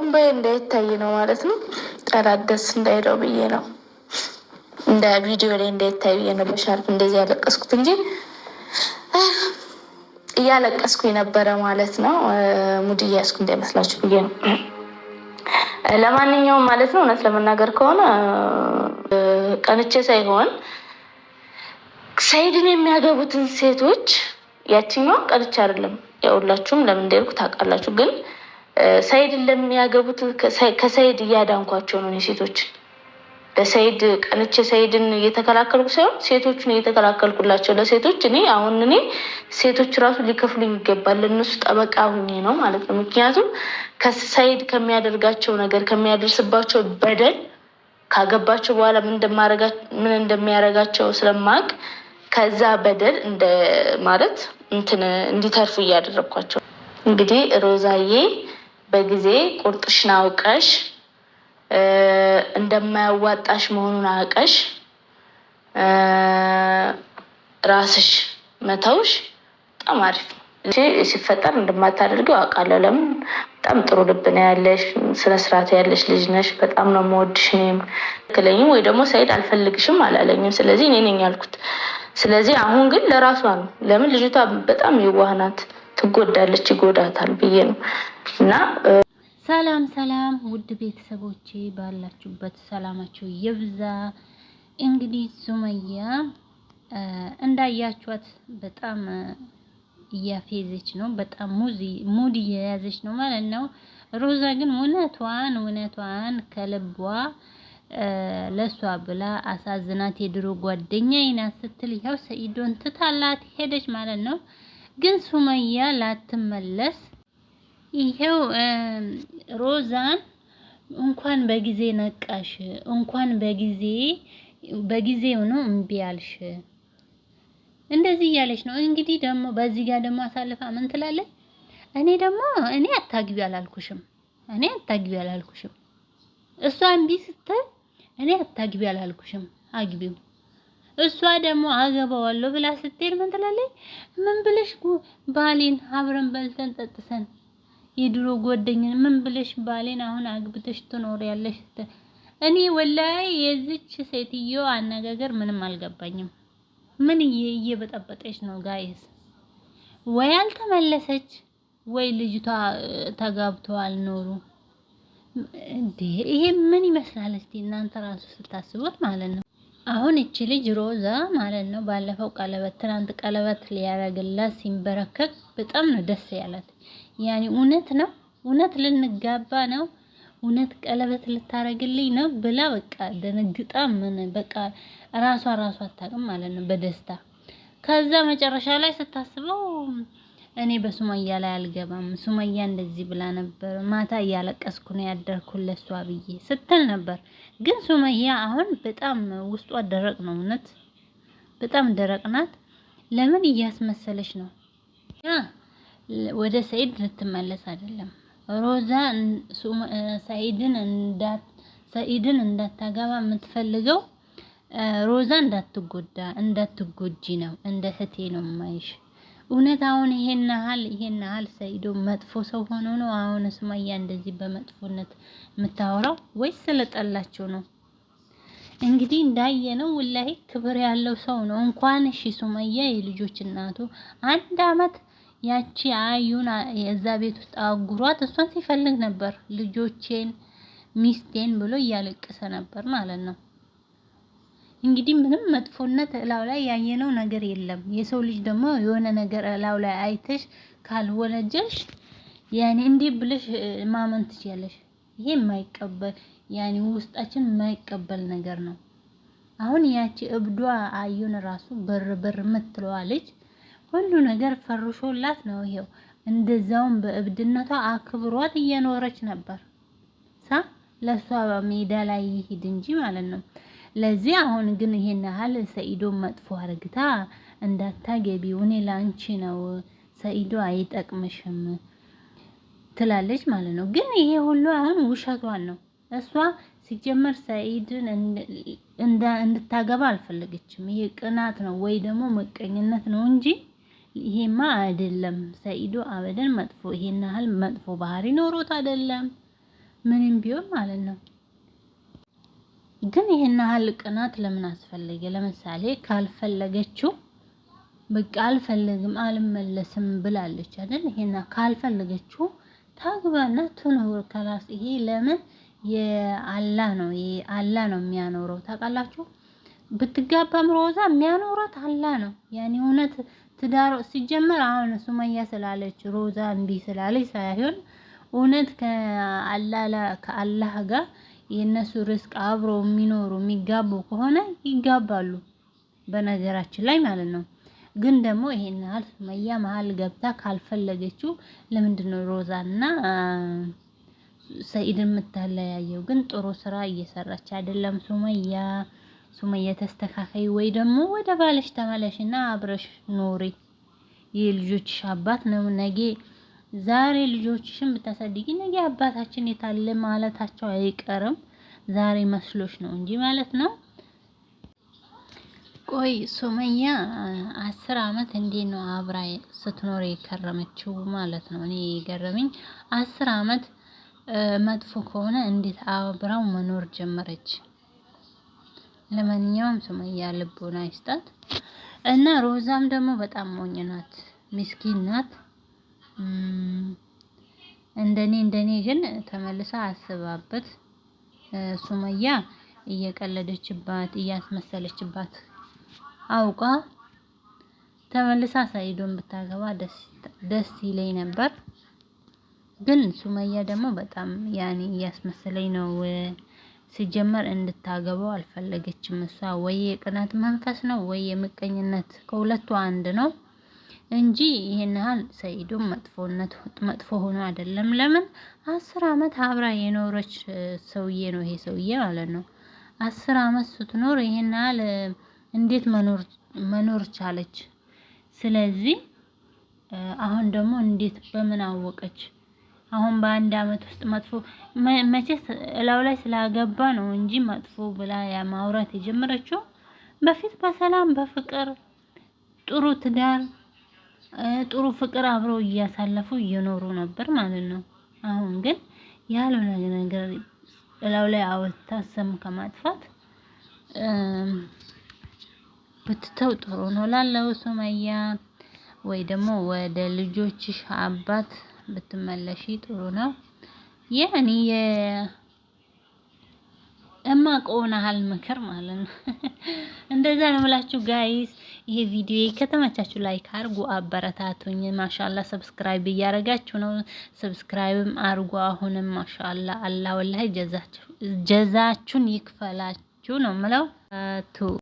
እምባዬ እንዳይታይ ነው ማለት ነው። ጠላት ደስ እንዳይለው ብዬ ነው እንደ ቪዲዮ ላይ እንዳይታይ ብዬ ነው በሻርፕ እንደዚህ ያለቀስኩት እንጂ እያለቀስኩ የነበረ ማለት ነው። ሙድ እያያዝኩ እንዳይመስላችሁ ብዬ ነው። ለማንኛውም ማለት ነው እውነት ለመናገር ከሆነ ቀንቼ ሳይሆን ሰኢድን የሚያገቡትን ሴቶች ያችኛው ቀንቼ አይደለም። ያውላችሁም ለምን እንደሄድኩ ታውቃላችሁ ግን ሰይድ ለሚያገቡት ከሰይድ እያዳንኳቸው ነው ሴቶች በሰይድ ቀንቼ ሰይድን እየተከላከልኩ ሳይሆን ሴቶቹን እየተከላከልኩላቸው ለሴቶች እኔ አሁን እኔ ሴቶች ራሱ ሊከፍሉኝ ይገባል። ለእነሱ ጠበቃ ሁኜ ነው ማለት ነው። ምክንያቱም ከሰይድ ከሚያደርጋቸው ነገር ከሚያደርስባቸው በደል ካገባቸው በኋላ ምን እንደሚያደርጋቸው ስለማቅ ከዛ በደል ማለት እንትን እንዲተርፉ እያደረግኳቸው እንግዲህ ሮዛዬ በጊዜ ቁርጥሽን አውቀሽ እንደማያዋጣሽ መሆኑን አውቀሽ ራስሽ መተውሽ በጣም አሪፍ ነው። ሲፈጠር እንደማታደርገው አውቃለሁ። ለምን በጣም ጥሩ ልብ ነው ያለሽ፣ ስነስርዓት ያለሽ ልጅ ነሽ። በጣም ነው መወድሽ። እኔም ክለኝም ወይ ደግሞ ሰኢድ አልፈልግሽም አላለኝም። ስለዚህ እኔ ነኝ ያልኩት። ስለዚህ አሁን ግን ለራሷ ነው። ለምን ልጅቷ በጣም የዋህ ናት፣ ትጎዳለች፣ ይጎዳታል ብዬ ነው እና ሰላም ሰላም ውድ ቤተሰቦቼ ባላችሁበት ሰላማችሁ ይብዛ። እንግዲህ ሱመያ እንዳያችኋት በጣም እያፌዘች ነው። በጣም ሙዚ ሙድ እየያዘች ነው ማለት ነው። ሮዛ ግን እውነቷን እውነቷን ከልቧ ለሷ ብላ አሳዝናት የድሮ ጓደኛዬ ናት ስትል ያው ሰኢዶን ትታላት ሄደች ማለት ነው። ግን ሱመያ ላትመለስ ይሄው ሮዛን እንኳን በጊዜ ነቃሽ፣ እንኳን በጊዜ በጊዜው ነው እምቢ አልሽ። እንደዚህ እያለች ነው እንግዲህ። ደግሞ በዚህ ጋር ደግሞ አሳልፋ ምን ትላለች? እኔ ደግሞ እኔ አታግቢ አላልኩሽም፣ እኔ አታግቢ አላልኩሽም። እሷ እምቢ ስትል እኔ አታግቢ አላልኩሽም፣ አግቢው። እሷ ደግሞ አገባዋለሁ ብላ ስትሄድ ምን ትላለች? ምን ብለሽ ባሌን አብረን በልተን ጠጥሰን። የድሮ ጓደኛ ምን ብለሽ ባሌን አሁን አግብተሽ ትኖሪያለሽ? እኔ ወላሂ የዚች ሴትዮ አነጋገር ምንም አልገባኝም። ምን እየበጠበጠች ነው ጋይስ? ወይ አልተመለሰች ወይ ልጅቷ ተጋብቶ አልኖሩ እንዴ? ይሄ ምን ይመስላል? እስቲ እናንተ ራሱ ስታስቡት ማለት ነው። አሁን እቺ ልጅ ሮዛ ማለት ነው ባለፈው ቀለበት ትናንት ቀለበት ሊያረግላት ሲንበረከክ በጣም ነው ደስ ያላት። ያኔ እውነት ነው፣ እውነት ልንጋባ ነው፣ እውነት ቀለበት ልታረግልኝ ነው ብላ በቃ ደነግጣ ምን በቃ ራሷ ራሷ አታውቅም ማለት ነው በደስታ ከዛ መጨረሻ ላይ ስታስበው እኔ በሱመያ ላይ አልገባም፣ ሱመያ እንደዚህ ብላ ነበር፣ ማታ እያለቀስኩ ነው ያደርኩት ለሷ ብዬ ስትል ነበር። ግን ሱመያ አሁን በጣም ውስጧ ደረቅ ነው፣ እውነት በጣም ደረቅ ናት። ለምን እያስመሰለች ነው? ወደ ሰይድ ልትመለስ አይደለም። ሮዛ ሰይድን እንዳት ሰይድን እንዳታገባ የምትፈልገው ሮዛ እንዳትጎዳ እንዳትጎጂ ነው። እንደ እህቴ ነው የማይሽ። እውነት አሁን ይሄን ያህል ይሄን ያህል ሰይዶ መጥፎ ሰው ሆኖ ነው አሁን ሱመያ እንደዚህ በመጥፎነት የምታወራው ወይስ ስለጠላቸው ነው? እንግዲህ እንዳየነው ወላሂ ክብር ያለው ሰው ነው። እንኳን እሺ ሱመያ የልጆች እናቱ አንድ አመት ያቺ አዩን እዛ ቤት ውስጥ አጉሯት እሷን ሲፈልግ ነበር። ልጆቼን ሚስቴን ብሎ እያለቀሰ ነበር ማለት ነው። እንግዲህ ምንም መጥፎነት እላው ላይ ያየነው ነገር የለም። የሰው ልጅ ደግሞ የሆነ ነገር እላው ላይ አይተሽ ካልወለጀሽ ያኔ እንዴ ብለሽ ማመን ትችያለሽ። ይሄ የማይቀበል ያኔ ውስጣችን የማይቀበል ነገር ነው። አሁን ያቺ እብዷ አዩን ራሱ በር በር የምትለዋ ልጅ ሁሉ ነገር ፈርሾላት ነው። ይሄው እንደዛውም በእብድነቷ አክብሯት እየኖረች ነበር። ሳ ለሷ ሜዳ ላይ ይሄድ እንጂ ማለት ነው። ለዚህ አሁን ግን ይሄን ያህል ሰኢዶ መጥፎ አርግታ እንዳታገቢው እኔ ላንቺ ነው ሰኢዶ አይጠቅምሽም ትላለች ማለት ነው። ግን ይሄ ሁሉ አሁን ውሸቷን ነው። እሷ ሲጀመር ሰኢድን እንድታገባ አልፈለገችም። ይሄ ቅናት ነው ወይ ደግሞ መቀኝነት ነው እንጂ ይሄማ አይደለም ሰኢዱ አበደን መጥፎ ይሄን ያህል መጥፎ ባህሪ ኖሮት አይደለም ምንም ቢሆን ማለት ነው። ግን ይሄን ያህል ቅናት ለምን አስፈለገ? ለምሳሌ ካልፈለገችው በቃ አልፈለግም አልመለስም ብላለች አይደል? ይሄና ካልፈለገችው ታግባና ትኖር ከራስ ይሄ ለምን የአላ ነው የአላ ነው የሚያኖረው ታውቃላችሁ። ብትጋባም ሮዛ የሚያኖራት አላ ነው ያኔ እውነት ትዳር ሲጀመር አሁን ሱመያ ስላለች ሮዛ እምቢ ስላለች ሳይሆን እውነት ከአላህ ጋር የእነሱ ርስቅ አብረው የሚኖሩ የሚጋቡ ከሆነ ይጋባሉ፣ በነገራችን ላይ ማለት ነው። ግን ደግሞ ይሄን ያህል ሱመያ መሀል ገብታ ካልፈለገችው ለምንድን ነው እና ሰኢድ የምታለያየው? ግን ጥሩ ስራ እየሰራች አይደለም ሱመያ። ሱመያ ተስተካካይ ወይ ደግሞ ወደ ባልሽ ተመለሽና አብረሽ ኖሪ። የልጆችሽ አባት ነው። ነገ ዛሬ ልጆችሽን ብታሳድጊ ነገ አባታችን የታለ ማለታቸው አይቀርም። ዛሬ መስሎሽ ነው እንጂ ማለት ነው። ቆይ ሱመያ አስር አመት እንዴት ነው አብራ ስትኖር የከረመችው ማለት ነው? እኔ የገረመኝ አስር አመት መጥፎ ከሆነ እንዴት አብራው መኖር ጀመረች? ለማንኛውም ሱመያ ልቦና ይስጣት እና ሮዛም ደግሞ በጣም ሞኝ ናት፣ ምስኪን ናት። እንደኔ እንደኔ ግን ተመልሳ አስባበት ሱመያ እየቀለደችባት እያስመሰለችባት አውቃ ተመልሳ ሳይዶን ብታገባ ደስ ይለኝ ነበር። ግን ሱመያ ደግሞ በጣም ያኔ እያስመሰለኝ ነው ሲጀመር እንድታገባው አልፈለገችም። እሷ ወይ የቅናት መንፈስ ነው ወይ የምቀኝነት ከሁለቱ አንድ ነው እንጂ ይሄን ያህል ሰይዱም መጥፎነት መጥፎ ሆኖ አይደለም። ለምን አስር አመት አብራ የኖረች ሰውዬ ነው ይሄ ሰውዬ ማለት ነው። አስር አመት ስትኖር ይሄን ያህል እንዴት መኖር መኖር ቻለች? ስለዚህ አሁን ደግሞ እንዴት በምን አወቀች? አሁን በአንድ አመት ውስጥ መጥፎ መቼስ እላው ላይ ስላገባ ነው እንጂ መጥፎ ብላ ማውራት የጀመረችው። በፊት በሰላም በፍቅር ጥሩ ትዳር ጥሩ ፍቅር አብረው እያሳለፉ እየኖሩ ነበር ማለት ነው። አሁን ግን ያልሆነ ነገር እላው ላይ አወታ ስም ከማጥፋት ብትተው ጥሩ ነው ላለው ሱመያ ወይ ደግሞ ወደ ልጆችሽ አባት ብትመለሺ ጥሩ ነው። ያኔ የማቀውን ያህል ምክር ማለት ነው። እንደዛ ነው የምላችሁ ጋይስ። ይሄ ቪዲዮ ከተመቻችሁ ላይክ አርጉ፣ አበረታቱኝ። ማሻላ ሰብስክራይብ እያረጋችሁ ነው። ሰብስክራይብም አርጉ። አሁንም ማሻላ አላ ወላሂ ጀዛችሁን ይክፈላችሁ ነው ምለው ቱ